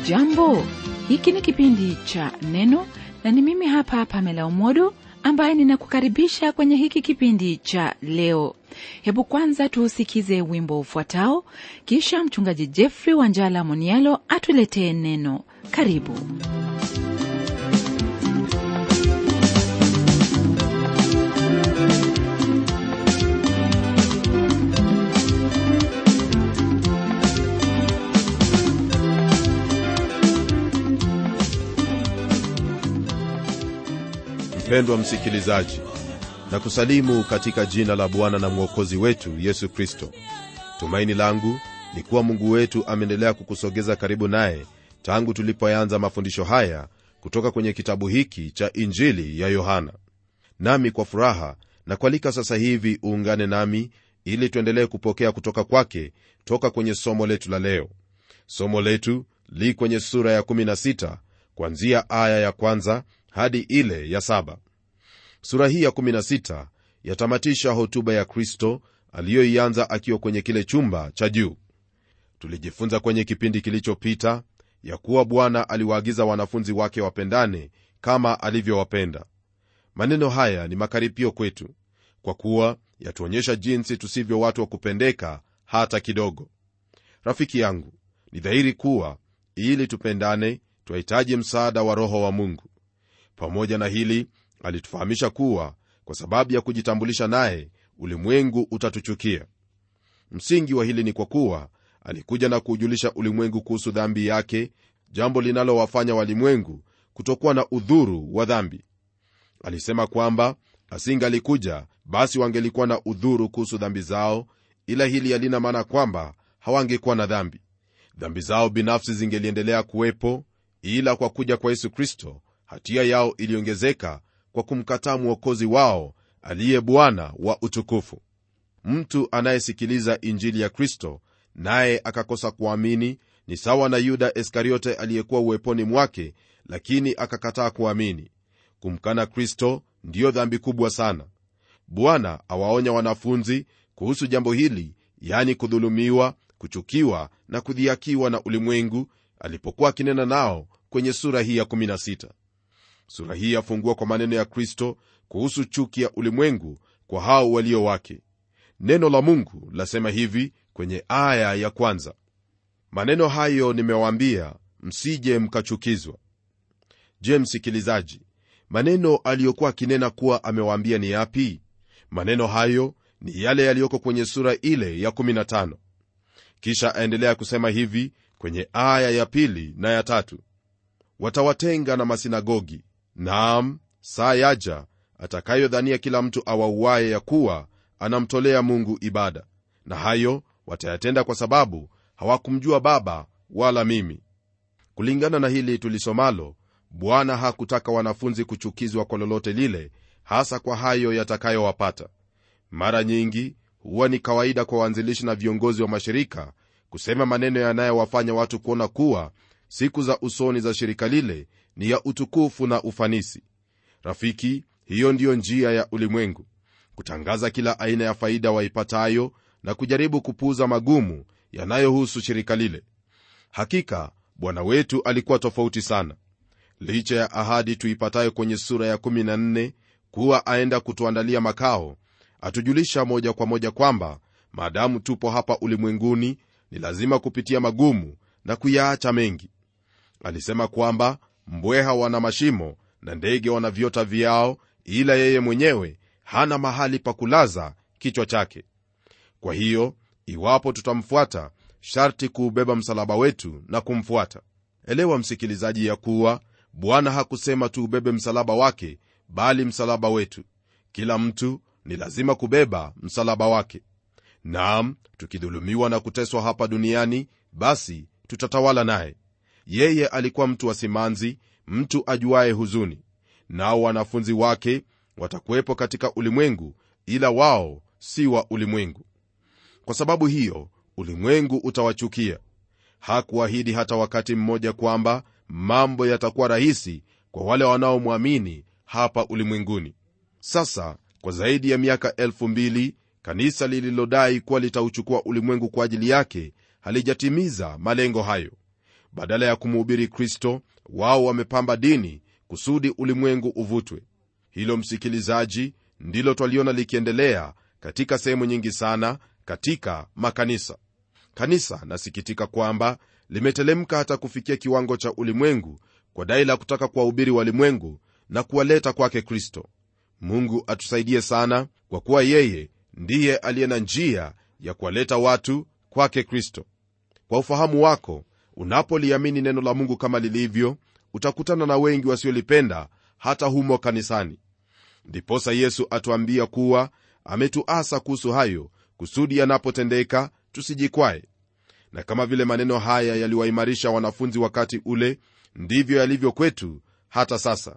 Hujambo, hiki ni kipindi cha Neno na ni mimi hapa Pamela Umodo ambaye ninakukaribisha kwenye hiki kipindi cha leo. Hebu kwanza tuusikize wimbo ufuatao, kisha mchungaji Jeffrey Wanjala Monialo atuletee neno. Karibu. Mpendwa msikilizaji, na kusalimu katika jina la Bwana na Mwokozi wetu Yesu Kristo. Tumaini langu ni kuwa Mungu wetu ameendelea kukusogeza karibu naye tangu tulipoanza mafundisho haya kutoka kwenye kitabu hiki cha Injili ya Yohana. Nami kwa furaha na kualika sasa hivi uungane nami ili tuendelee kupokea kutoka kwake toka kwenye somo letu la leo. Somo letu li kwenye sura ya 16 kwanzia aya ya kwanza hadi ile ya saba. Sura hii ya 16 yatamatisha hotuba ya Kristo aliyoianza akiwa kwenye kile chumba cha juu. Tulijifunza kwenye kipindi kilichopita ya kuwa Bwana aliwaagiza wanafunzi wake wapendane kama alivyowapenda. Maneno haya ni makaripio kwetu, kwa kuwa yatuonyesha jinsi tusivyo watu wa kupendeka hata kidogo. Rafiki yangu, ni dhahiri kuwa ili tupendane, twahitaji msaada wa Roho wa Mungu pamoja na hili alitufahamisha kuwa kwa sababu ya kujitambulisha naye ulimwengu utatuchukia msingi wa hili ni kwa kuwa alikuja na kuujulisha ulimwengu kuhusu dhambi yake jambo linalowafanya walimwengu kutokuwa na udhuru wa dhambi alisema kwamba asingalikuja basi wangelikuwa na udhuru kuhusu dhambi zao ila hili halina maana kwamba hawangekuwa na dhambi dhambi zao binafsi zingeliendelea kuwepo ila kwa kuja kwa yesu kristo hatia yao iliongezeka kwa kumkataa mwokozi wao aliye bwana wa utukufu mtu anayesikiliza injili ya kristo naye akakosa kuamini ni sawa na yuda iskariote aliyekuwa uweponi mwake lakini akakataa kuamini kumkana kristo ndiyo dhambi kubwa sana bwana awaonya wanafunzi kuhusu jambo hili yani kudhulumiwa kuchukiwa na kudhiakiwa na ulimwengu alipokuwa akinena nao kwenye sura hii ya 16 Sura hii yafungua kwa maneno ya Kristo kuhusu chuki ya ulimwengu kwa hao walio wake. Neno la Mungu lasema hivi kwenye aya ya kwanza, maneno hayo nimewaambia msije mkachukizwa. Je, msikilizaji, maneno aliyokuwa akinena kuwa amewaambia ni yapi? Maneno hayo ni yale yaliyoko kwenye sura ile ya 15. Kisha aendelea kusema hivi kwenye aya ya pili na ya tatu, watawatenga na masinagogi naam saa yaja atakayodhania kila mtu awauaye ya kuwa anamtolea mungu ibada na hayo watayatenda kwa sababu hawakumjua baba wala mimi kulingana na hili tulisomalo bwana hakutaka wanafunzi kuchukizwa kwa lolote lile hasa kwa hayo yatakayowapata mara nyingi huwa ni kawaida kwa waanzilishi na viongozi wa mashirika kusema maneno yanayowafanya watu kuona kuwa siku za usoni za shirika lile ni ya utukufu na ufanisi rafiki hiyo ndiyo njia ya ulimwengu kutangaza kila aina ya faida waipatayo na kujaribu kupuuza magumu yanayohusu shirika lile hakika bwana wetu alikuwa tofauti sana licha ya ahadi tuipatayo kwenye sura ya 14 kuwa aenda kutuandalia makao atujulisha moja kwa moja kwamba maadamu tupo hapa ulimwenguni ni lazima kupitia magumu na kuyaacha mengi alisema kwamba Mbweha wana mashimo na ndege wana viota vyao, ila yeye mwenyewe hana mahali pa kulaza kichwa chake. Kwa hiyo iwapo tutamfuata, sharti kuubeba msalaba wetu na kumfuata. Elewa msikilizaji, ya kuwa Bwana hakusema tuubebe msalaba wake, bali msalaba wetu. Kila mtu ni lazima kubeba msalaba wake. Naam, tukidhulumiwa na kuteswa hapa duniani, basi tutatawala naye yeye alikuwa mtu wa simanzi, mtu ajuaye huzuni, nao wanafunzi wake watakuwepo katika ulimwengu, ila wao si wa ulimwengu. Kwa sababu hiyo ulimwengu utawachukia. Hakuahidi hata wakati mmoja kwamba mambo yatakuwa rahisi kwa wale wanaomwamini hapa ulimwenguni. Sasa kwa zaidi ya miaka elfu mbili kanisa lililodai kuwa litauchukua ulimwengu kwa ajili yake halijatimiza malengo hayo badala ya kumhubiri kristo wao wamepamba dini kusudi ulimwengu uvutwe hilo msikilizaji ndilo twaliona likiendelea katika sehemu nyingi sana katika makanisa kanisa nasikitika kwamba limetelemka hata kufikia kiwango cha ulimwengu kwa dai la kutaka kuwahubiri walimwengu na kuwaleta kwake kristo mungu atusaidie sana kwa kuwa yeye ndiye aliye na njia ya kuwaleta watu kwake kristo kwa ufahamu wako unapoliamini neno la mungu kama lilivyo utakutana na wengi wasiolipenda hata humo kanisani ndiposa yesu atuambia kuwa ametuasa kuhusu hayo kusudi yanapotendeka tusijikwae na kama vile maneno haya yaliwaimarisha wanafunzi wakati ule ndivyo yalivyo kwetu hata sasa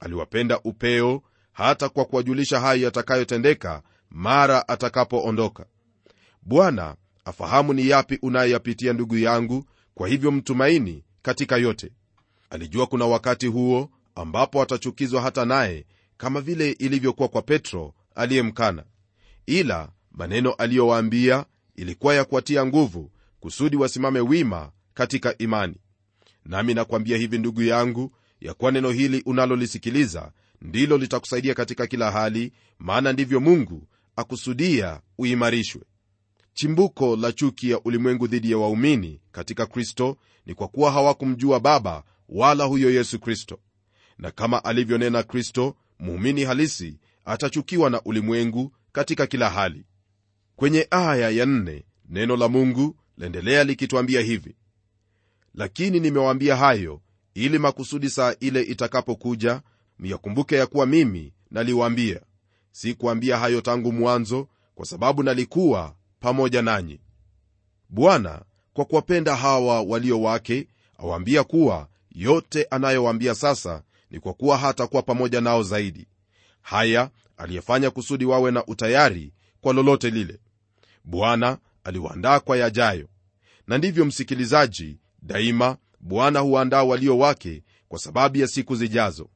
aliwapenda upeo hata kwa kuwajulisha hayo yatakayotendeka mara atakapoondoka bwana afahamu ni yapi unayoyapitia ndugu yangu kwa hivyo mtumaini katika yote. Alijua kuna wakati huo ambapo atachukizwa hata naye, kama vile ilivyokuwa kwa Petro aliyemkana, ila maneno aliyowaambia ilikuwa ya kuwatia nguvu kusudi wasimame wima katika imani. Nami nakwambia hivi ndugu yangu, ya kuwa neno hili unalolisikiliza ndilo litakusaidia katika kila hali, maana ndivyo Mungu akusudia uimarishwe chimbuko la chuki ya ulimwengu dhidi ya waumini katika kristo ni kwa kuwa hawakumjua baba wala huyo yesu kristo na kama alivyonena kristo muumini halisi atachukiwa na ulimwengu katika kila hali kwenye aya ya nne, neno la mungu laendelea likitwambia hivi lakini nimewaambia hayo ili makusudi saa ile itakapokuja myakumbuke ya kuwa mimi naliwaambia sikuambia hayo tangu mwanzo kwa sababu nalikuwa pamoja nanyi. Bwana kwa kuwapenda hawa walio wake awaambia kuwa yote anayowaambia sasa ni kwa kuwa hatakuwa pamoja nao zaidi. Haya aliyefanya kusudi wawe na utayari kwa lolote lile. Bwana aliwaandaa kwa yajayo, na ndivyo msikilizaji, daima Bwana huwaandaa walio wake kwa sababu ya siku zijazo.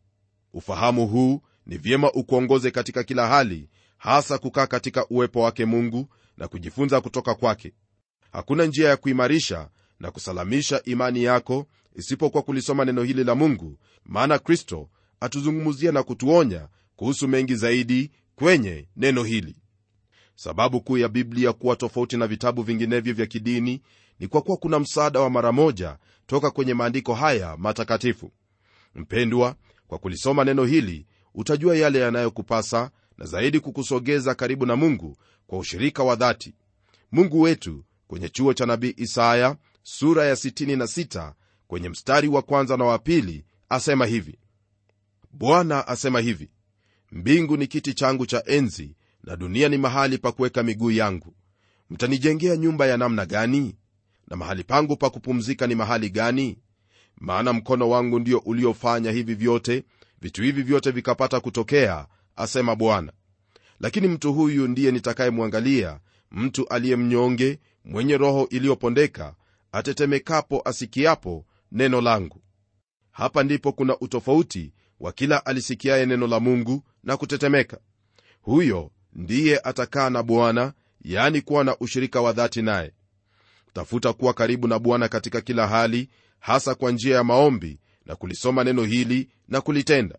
Ufahamu huu ni vyema ukuongoze katika kila hali, hasa kukaa katika uwepo wake Mungu na kujifunza kutoka kwake hakuna njia ya kuimarisha na kusalamisha imani yako isipokuwa kulisoma neno hili la mungu maana kristo atuzungumzia na kutuonya kuhusu mengi zaidi kwenye neno hili sababu kuu ya biblia kuwa tofauti na vitabu vinginevyo vya kidini ni kwa kuwa kuna msaada wa mara moja toka kwenye maandiko haya matakatifu mpendwa kwa kulisoma neno hili utajua yale yanayokupasa na zaidi kukusogeza karibu na mungu kwa ushirika wa dhati mungu wetu kwenye chuo cha nabii isaya sura ya 66 kwenye mstari wa kwanza na wa pili asema hivi bwana asema hivi mbingu ni kiti changu cha enzi na dunia ni mahali pa kuweka miguu yangu mtanijengea nyumba ya namna gani na mahali pangu pa kupumzika ni mahali gani maana mkono wangu ndio uliofanya hivi vyote vitu hivi vyote vikapata kutokea asema bwana lakini mtu huyu ndiye nitakayemwangalia mtu aliye mnyonge mwenye roho iliyopondeka atetemekapo asikiapo neno langu hapa ndipo kuna utofauti wa kila alisikiaye neno la mungu na kutetemeka huyo ndiye atakaa na bwana yaani kuwa na ushirika wa dhati naye tafuta kuwa karibu na bwana katika kila hali hasa kwa njia ya maombi na kulisoma neno hili na kulitenda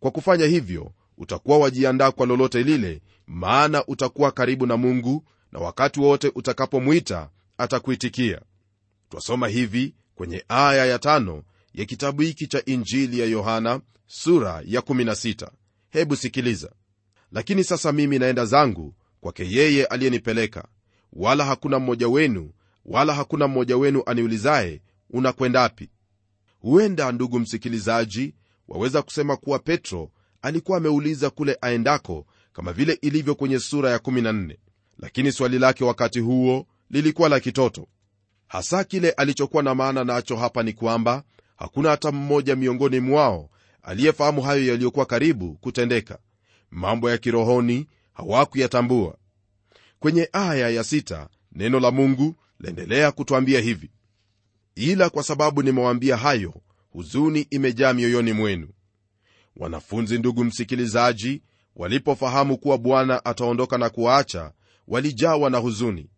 kwa kufanya hivyo utakuwa wajiandaa kwa lolote lile maana utakuwa karibu na mungu na wakati wote utakapomwita atakuitikia twasoma hivi kwenye aya ya tano ya kitabu hiki cha injili ya yohana sura ya 16 hebu sikiliza lakini sasa mimi naenda zangu kwake yeye aliyenipeleka wala hakuna mmoja wenu wala hakuna mmoja wenu aniulizaye unakwendapi huenda ndugu msikilizaji waweza kusema kuwa petro alikuwa ameuliza kule aendako kama vile ilivyo kwenye sura ya 14 lakini swali lake wakati huo lilikuwa la kitoto hasa kile alichokuwa na maana nacho hapa ni kwamba hakuna hata mmoja miongoni mwao aliyefahamu hayo yaliyokuwa karibu kutendeka mambo ya kirohoni hawakuyatambua kwenye aya ya sita, neno la mungu laendelea kutwambia hivi ila kwa sababu nimewaambia hayo huzuni imejaa mioyoni mwenu wanafunzi ndugu msikilizaji walipofahamu kuwa bwana ataondoka na kuwaacha walijawa na huzuni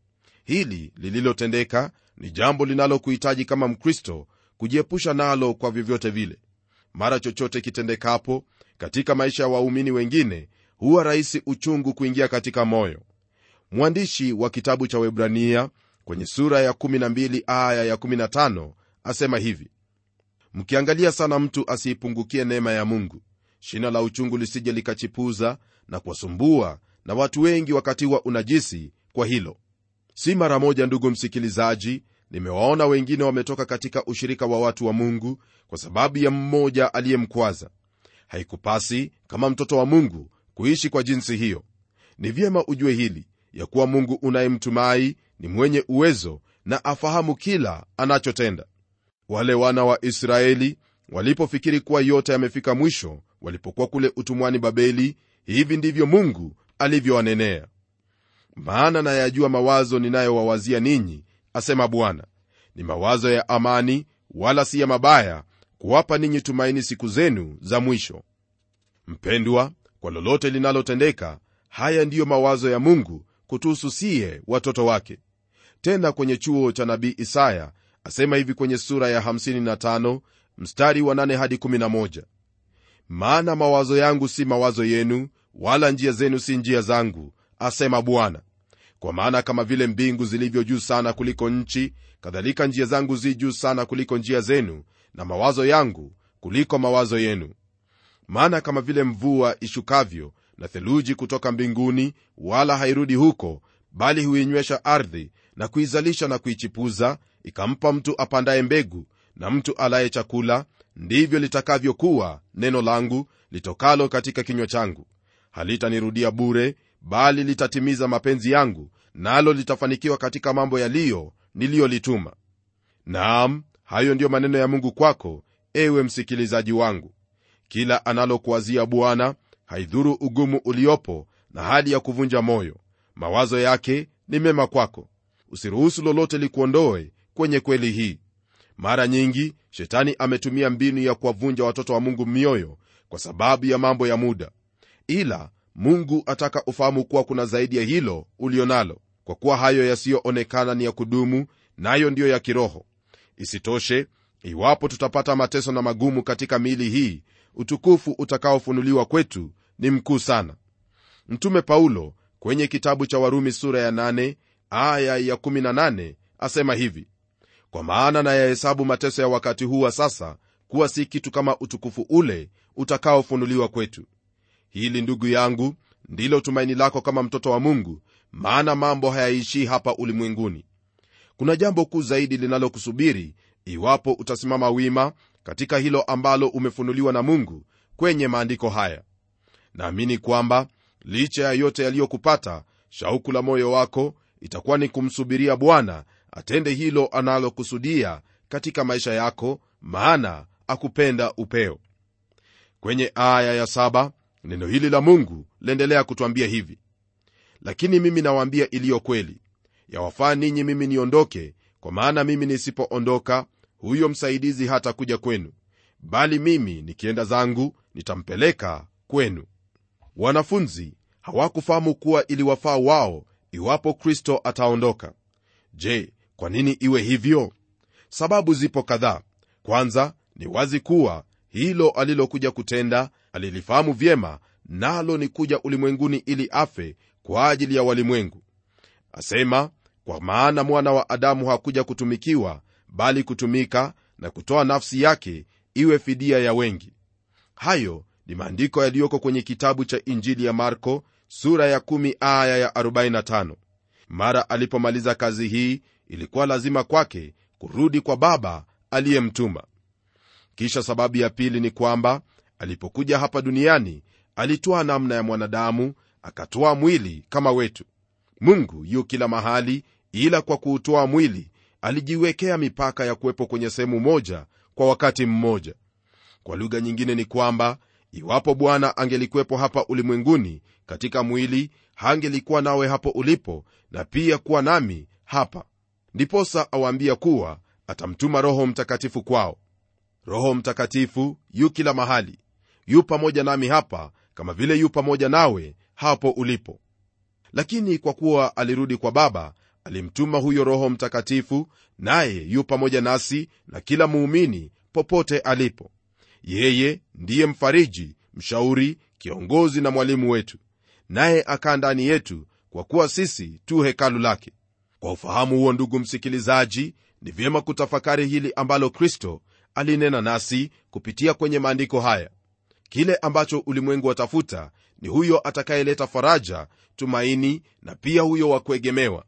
hili lililotendeka ni jambo linalokuhitaji kama mkristo kujiepusha nalo kwa vyovyote vile mara chochote kitendekapo katika maisha ya wa waumini wengine huwa rahisi uchungu kuingia katika moyo mwandishi wa kitabu cha webrania kwenye sura ya 12 aya ya 15 asema hivi mkiangalia sana mtu asiipungukie neema ya mungu shina la uchungu lisije likachipuza na kuwasumbua na watu wengi wakatiwa unajisi kwa hilo si mara moja ndugu msikilizaji nimewaona wengine wametoka katika ushirika wa watu wa mungu kwa sababu ya mmoja aliyemkwaza haikupasi kama mtoto wa mungu kuishi kwa jinsi hiyo ni vyema ujue hili ya kuwa mungu unayemtumai ni mwenye uwezo na afahamu kila anachotenda wale wana wa israeli walipofikiri kuwa yote yamefika mwisho walipokuwa kule utumwani babeli hivi ndivyo mungu alivyowanenea maana nayajua mawazo ninayowawazia ninyi asema bwana ni mawazo ya amani wala si ya mabaya kuwapa ninyi tumaini siku zenu za mwisho mpendwa kwa lolote linalotendeka haya ndiyo mawazo ya mungu kutuhususie watoto wake tena kwenye chuo cha nabii isaya asema hivi kwenye sura ya 55 mstari wa 8 hadi 11 maana mawazo yangu si mawazo yenu wala njia zenu si njia zangu asema bwana kwa maana kama vile mbingu zilivyo juu sana kuliko nchi kadhalika njia zangu zi juu sana kuliko njia zenu na mawazo yangu kuliko mawazo yenu maana kama vile mvua ishukavyo na theluji kutoka mbinguni wala hairudi huko bali huinywesha ardhi na kuizalisha na kuichipuza ikampa mtu apandaye mbegu na mtu alaye chakula ndivyo litakavyokuwa neno langu litokalo katika kinywa changu halitanirudia bure bali litatimiza mapenzi yangu nalo na litafanikiwa katika mambo yaliyo niliyolituma naam hayo ndiyo maneno ya mungu kwako ewe msikilizaji wangu kila analokuwazia bwana haidhuru ugumu uliopo na hali ya kuvunja moyo mawazo yake ni mema kwako usiruhusu lolote likuondoe kwenye kweli hii mara nyingi shetani ametumia mbinu ya kuwavunja watoto wa mungu mioyo kwa sababu ya mambo ya muda ila mungu ataka ufahamu kuwa kuna zaidi ya hilo ulio nalo kwa kuwa hayo yasiyoonekana ni ya kudumu nayo ndiyo ya kiroho isitoshe iwapo tutapata mateso na magumu katika miili hii utukufu utakaofunuliwa kwetu ni mkuu sana mtume paulo kwenye kitabu cha warumi sura ya 8 aya ya 18 asema hivi kwa maana nayahesabu mateso ya wakati huu wa sasa kuwa si kitu kama utukufu ule utakaofunuliwa kwetu. Hili ndugu yangu, ndilo tumaini lako kama mtoto wa Mungu, maana mambo hayaishii hapa ulimwenguni. Kuna jambo kuu zaidi linalokusubiri iwapo utasimama wima katika hilo ambalo umefunuliwa na Mungu kwenye maandiko haya. Naamini kwamba licha ya yote yaliyokupata, shauku la moyo wako itakuwa ni kumsubiria Bwana atende hilo analokusudia katika maisha yako maana akupenda upeo kwenye aya ya saba, neno hili la mungu laendelea kutwambia hivi lakini mimi nawaambia iliyo kweli yawafaa ninyi mimi niondoke kwa maana mimi nisipoondoka huyo msaidizi hata kuja kwenu bali mimi nikienda zangu nitampeleka kwenu wanafunzi hawakufahamu kuwa iliwafaa wao iwapo kristo ataondoka je kwa nini iwe hivyo sababu zipo kadhaa kwanza ni wazi kuwa hilo alilokuja kutenda alilifahamu vyema nalo ni kuja ulimwenguni ili afe kwa ajili ya walimwengu asema kwa maana mwana wa adamu hakuja kutumikiwa bali kutumika na kutoa nafsi yake iwe fidia ya wengi hayo ni maandiko yaliyoko kwenye kitabu cha injili ya marko sura ya 1 aya ya 45 mara alipomaliza kazi hii ilikuwa lazima kwake kurudi kwa baba aliyemtuma. Kisha sababu ya pili ni kwamba alipokuja hapa duniani alitoa namna ya mwanadamu, akatoa mwili kama wetu. Mungu yu kila mahali, ila kwa kuutoa mwili alijiwekea mipaka ya kuwepo kwenye sehemu moja kwa wakati mmoja. Kwa lugha nyingine ni kwamba iwapo Bwana angelikuwepo hapa ulimwenguni katika mwili, hangelikuwa nawe hapo ulipo na pia kuwa nami hapa ndiposa awaambia kuwa atamtuma roho mtakatifu kwao roho mtakatifu yu kila mahali yu pamoja nami hapa kama vile yu pamoja nawe hapo ulipo lakini kwa kuwa alirudi kwa baba alimtuma huyo roho mtakatifu naye yu pamoja nasi na kila muumini popote alipo yeye ndiye mfariji mshauri kiongozi na mwalimu wetu naye akaa ndani yetu kwa kuwa sisi tu hekalu lake kwa ufahamu huo ndugu msikilizaji ni vyema kutafakari hili ambalo kristo alinena nasi kupitia kwenye maandiko haya kile ambacho ulimwengu watafuta ni huyo atakayeleta faraja tumaini na pia huyo wa kuegemewa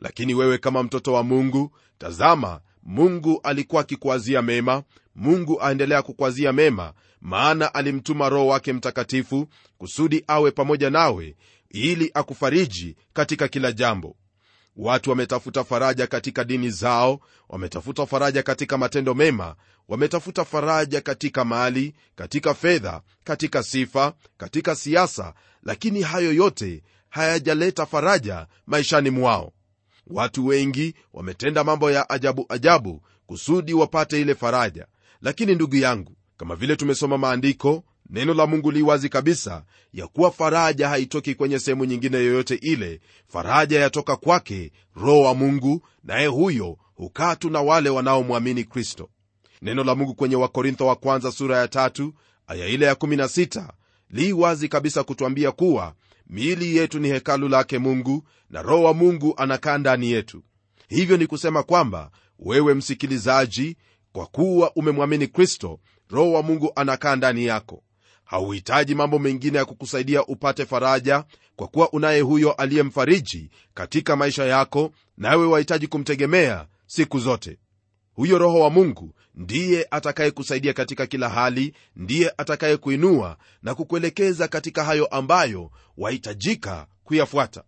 lakini wewe kama mtoto wa mungu tazama mungu alikuwa akikuazia mema mungu aendelea kukwazia mema maana alimtuma roho wake mtakatifu kusudi awe pamoja nawe ili akufariji katika kila jambo watu wametafuta faraja katika dini zao, wametafuta faraja katika matendo mema, wametafuta faraja katika mali, katika fedha, katika sifa, katika siasa, lakini hayo yote hayajaleta faraja maishani mwao. Watu wengi wametenda mambo ya ajabu ajabu kusudi wapate ile faraja. Lakini ndugu yangu, kama vile tumesoma maandiko, neno la mungu li wazi kabisa ya kuwa faraja haitoki kwenye sehemu nyingine yoyote ile faraja yatoka kwake roho wa mungu naye huyo hukaa tu na wale wanaomwamini kristo neno la mungu kwenye wakorintho wa kwanza sura ya tatu aya ile ya 16 li wazi kabisa kutwambia kuwa miili yetu ni hekalu lake mungu na roho wa mungu anakaa ndani yetu hivyo ni kusema kwamba wewe msikilizaji kwa kuwa umemwamini kristo roho wa mungu anakaa ndani yako hauhitaji mambo mengine ya kukusaidia upate faraja kwa kuwa unaye huyo aliyemfariji katika maisha yako nawe wahitaji kumtegemea siku zote huyo roho wa mungu ndiye atakayekusaidia katika kila hali ndiye atakayekuinua na kukuelekeza katika hayo ambayo wahitajika kuyafuata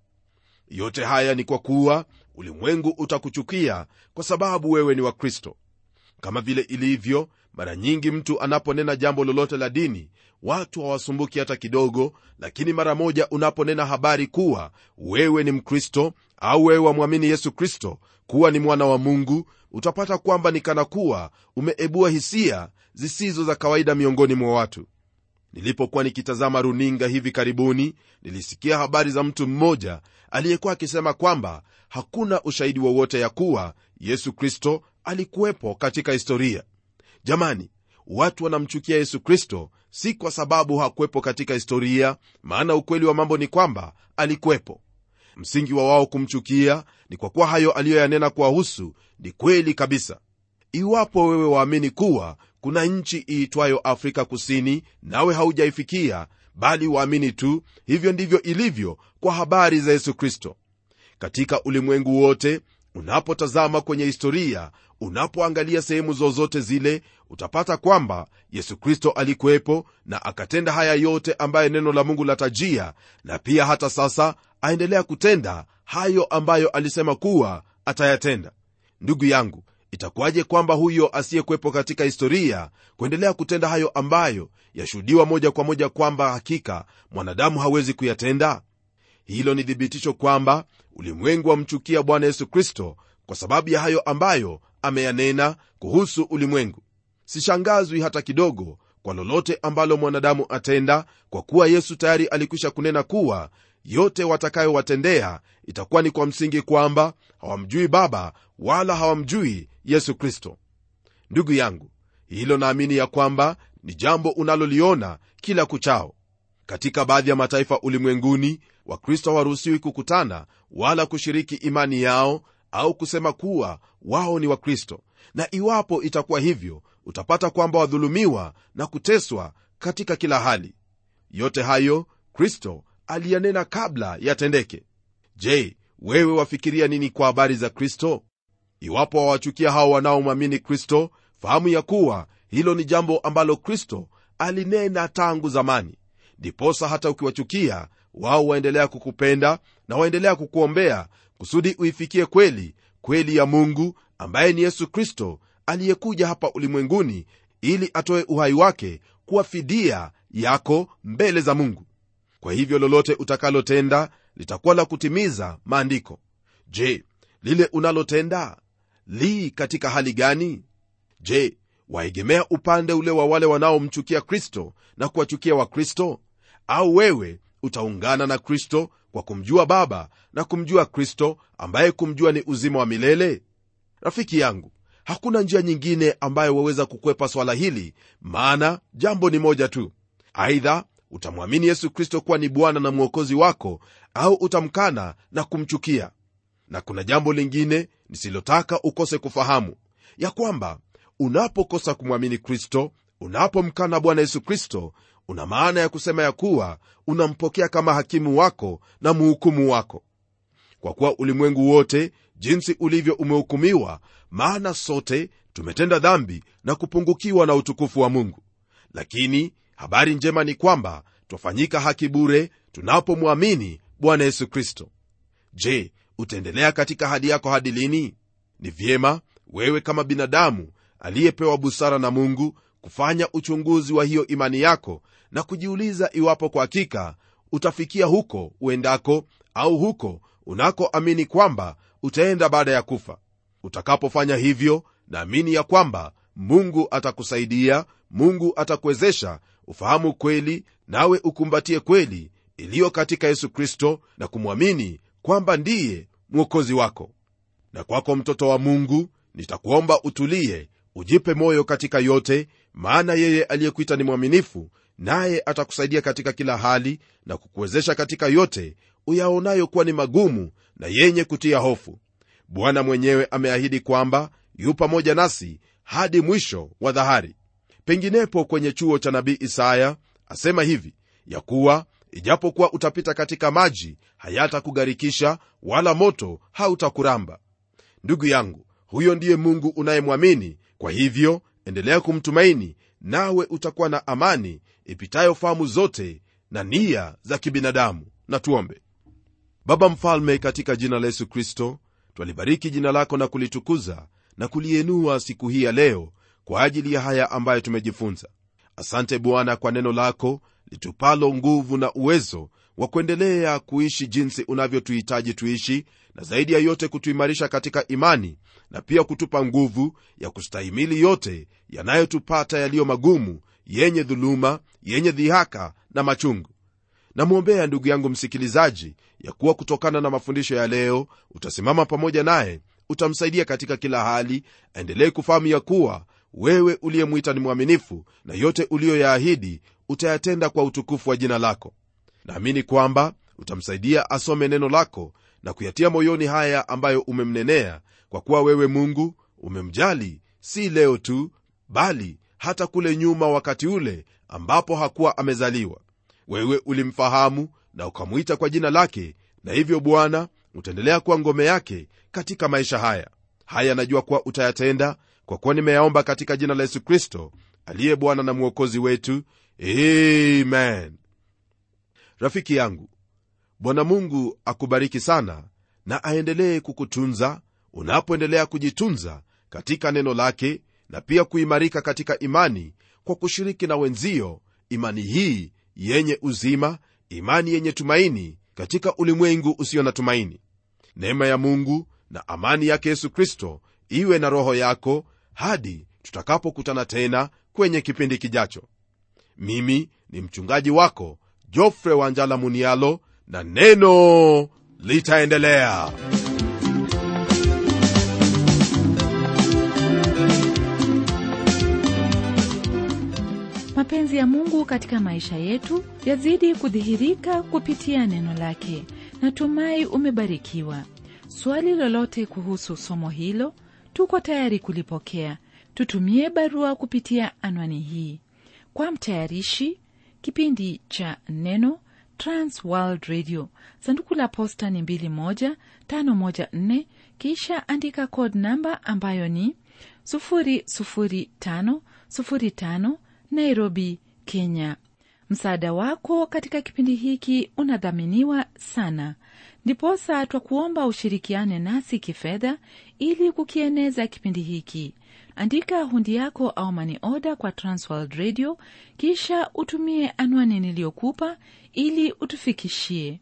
yote haya ni kwa kuwa ulimwengu utakuchukia kwa sababu wewe ni wakristo kama vile ilivyo mara nyingi mtu anaponena jambo lolote la dini watu hawasumbuki hata kidogo lakini mara moja unaponena habari kuwa wewe ni mkristo au wewe wamwamini yesu kristo kuwa ni mwana wa mungu utapata kwamba ni kana kuwa umeebua hisia zisizo za kawaida miongoni mwa watu nilipokuwa nikitazama runinga hivi karibuni nilisikia habari za mtu mmoja aliyekuwa akisema kwamba hakuna ushahidi wowote ya kuwa yesu kristo alikuwepo katika historia jamani watu wanamchukia yesu kristo si kwa sababu hakuwepo katika historia maana ukweli wa mambo ni kwamba alikuwepo msingi wa wao kumchukia ni kwa kuwa hayo aliyoyanena kuwahusu ni kweli kabisa iwapo wewe waamini kuwa kuna nchi iitwayo afrika kusini nawe haujaifikia bali waamini tu hivyo ndivyo ilivyo kwa habari za yesu kristo katika ulimwengu wote unapotazama kwenye historia unapoangalia sehemu zozote zile utapata kwamba yesu kristo alikuwepo na akatenda haya yote ambaye neno la mungu latajia na pia hata sasa aendelea kutenda hayo ambayo alisema kuwa atayatenda ndugu yangu itakuwaje kwamba huyo asiyekuwepo katika historia kuendelea kutenda hayo ambayo yashuhudiwa moja kwa moja kwamba hakika mwanadamu hawezi kuyatenda hilo ni thibitisho kwamba ulimwengu wamchukia bwana yesu kristo kwa sababu ya hayo ambayo ameyanena kuhusu ulimwengu sishangazwi hata kidogo kwa lolote ambalo mwanadamu atenda kwa kuwa yesu tayari alikwisha kunena kuwa yote watakayowatendea itakuwa ni kwa msingi kwamba hawamjui baba wala hawamjui yesu kristo ndugu yangu hilo naamini ya kwamba ni jambo unaloliona kila kuchao katika baadhi ya mataifa ulimwenguni wakristo hawaruhusiwi kukutana wala kushiriki imani yao au kusema kuwa wao ni wakristo na iwapo itakuwa hivyo utapata kwamba wadhulumiwa na kuteswa katika kila hali yote hayo kristo aliyanena kabla yatendeke je wewe wafikiria nini kwa habari za kristo iwapo wawachukia hao wanaomwamini kristo fahamu ya kuwa hilo ni jambo ambalo kristo alinena tangu zamani ndiposa hata ukiwachukia wao waendelea kukupenda na waendelea kukuombea kusudi uifikie kweli kweli ya mungu ambaye ni yesu kristo aliyekuja hapa ulimwenguni ili atoe uhai wake kuwa fidia yako mbele za mungu kwa hivyo lolote utakalotenda litakuwa la kutimiza maandiko je lile unalotenda li katika hali gani je waegemea upande ule wa wale wanaomchukia kristo na kuwachukia wakristo au wewe utaungana na kristo kwa kumjua baba na kumjua kristo ambaye kumjua ni uzima wa milele rafiki yangu hakuna njia nyingine ambayo waweza kukwepa swala hili maana jambo ni moja tu aidha utamwamini yesu kristo kuwa ni bwana na mwokozi wako au utamkana na kumchukia na kuna jambo lingine nisilotaka ukose kufahamu ya kwamba unapokosa kumwamini kristo unapomkana bwana yesu kristo una maana ya kusema ya kuwa unampokea kama hakimu wako na muhukumu wako kwa kuwa ulimwengu wote jinsi ulivyo umehukumiwa maana sote tumetenda dhambi na kupungukiwa na utukufu wa mungu lakini habari njema ni kwamba twafanyika haki bure tunapomwamini bwana yesu kristo je utaendelea katika hadi yako hadi lini ni vyema wewe kama binadamu aliyepewa busara na mungu kufanya uchunguzi wa hiyo imani yako na kujiuliza iwapo kwa hakika utafikia huko uendako au huko unakoamini kwamba utaenda baada ya kufa utakapofanya hivyo naamini ya kwamba mungu atakusaidia mungu atakuwezesha ufahamu kweli nawe ukumbatie kweli iliyo katika yesu kristo na kumwamini kwamba ndiye mwokozi wako na kwako mtoto wa mungu nitakuomba utulie ujipe moyo katika yote maana yeye aliyekuita ni mwaminifu naye atakusaidia katika kila hali na kukuwezesha katika yote uyaonayo kuwa ni magumu na yenye kutia hofu bwana mwenyewe ameahidi kwamba yu pamoja nasi hadi mwisho wa dhahari penginepo kwenye chuo cha nabii isaya asema hivi ya kuwa ijapokuwa utapita katika maji hayatakugharikisha wala moto hautakuramba ndugu yangu huyo ndiye mungu unayemwamini kwa hivyo endelea kumtumaini nawe utakuwa na amani ipitayo fahamu zote na nia za kibinadamu na tuombe baba mfalme katika jina la yesu kristo twalibariki jina lako na kulitukuza na kulienua siku hii ya leo kwa ajili ya haya ambayo tumejifunza asante bwana kwa neno lako litupalo nguvu na uwezo wa kuendelea kuishi jinsi unavyotuhitaji tuishi na zaidi ya yote kutuimarisha katika imani na pia kutupa nguvu ya kustahimili yote yanayotupata yaliyo magumu yenye dhuluma yenye dhihaka na machungu namwombea ndugu yangu msikilizaji ya kuwa kutokana na mafundisho ya leo utasimama pamoja naye utamsaidia katika kila hali aendelee kufahamu ya kuwa wewe uliyemwita ni mwaminifu na yote uliyoyaahidi utayatenda kwa utukufu wa jina lako naamini kwamba utamsaidia asome neno lako na kuyatia moyoni haya ambayo umemnenea kwa kuwa wewe mungu umemjali si leo tu bali hata kule nyuma wakati ule ambapo hakuwa amezaliwa wewe ulimfahamu na ukamwita kwa jina lake na hivyo bwana utaendelea kuwa ngome yake katika maisha haya haya najua kuwa utayatenda kwa kuwa nimeyaomba katika jina la yesu kristo aliye bwana na mwokozi wetu men rafiki yangu bwana mungu akubariki sana na aendelee kukutunza unapoendelea kujitunza katika neno lake na pia kuimarika katika imani kwa kushiriki na wenzio imani hii yenye uzima imani yenye tumaini katika ulimwengu usio na tumaini neema ya mungu na amani yake yesu kristo iwe na roho yako hadi tutakapokutana tena kwenye kipindi kijacho mimi ni mchungaji wako jofre wanjala munialo na neno litaendelea mapenzi ya mungu katika maisha yetu yazidi kudhihirika kupitia neno lake natumai umebarikiwa swali lolote kuhusu somo hilo tuko tayari kulipokea tutumie barua kupitia anwani hii kwa mtayarishi kipindi cha neno Trans World Radio, sanduku la posta ni 21514, kisha andika code namba ambayo ni 00505 Nairobi, Kenya. Msaada wako katika kipindi hiki unadhaminiwa sana, ndiposa twakuomba ushirikiane nasi kifedha ili kukieneza kipindi hiki andika hundi yako au manioda kwa Transworld Radio, kisha utumie anwani niliyokupa ili utufikishie.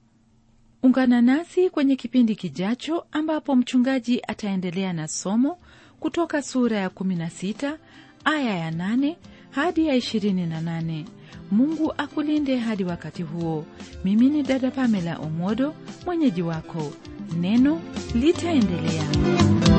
Ungana nasi kwenye kipindi kijacho, ambapo mchungaji ataendelea na somo kutoka sura ya 16 aya ya 8 hadi ya 28. Mungu akulinde hadi wakati huo. Mimi ni dada Pamela Omodo, mwenyeji wako. Neno litaendelea.